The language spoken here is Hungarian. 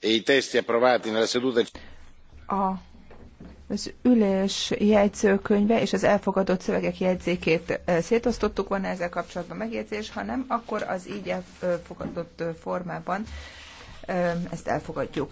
E az ülés jegyzőkönyve és az elfogadott szövegek jegyzékét e, szétosztottuk, van ezzel kapcsolatban megjegyzés, ha nem, akkor az így elfogadott formában e, ezt elfogadjuk.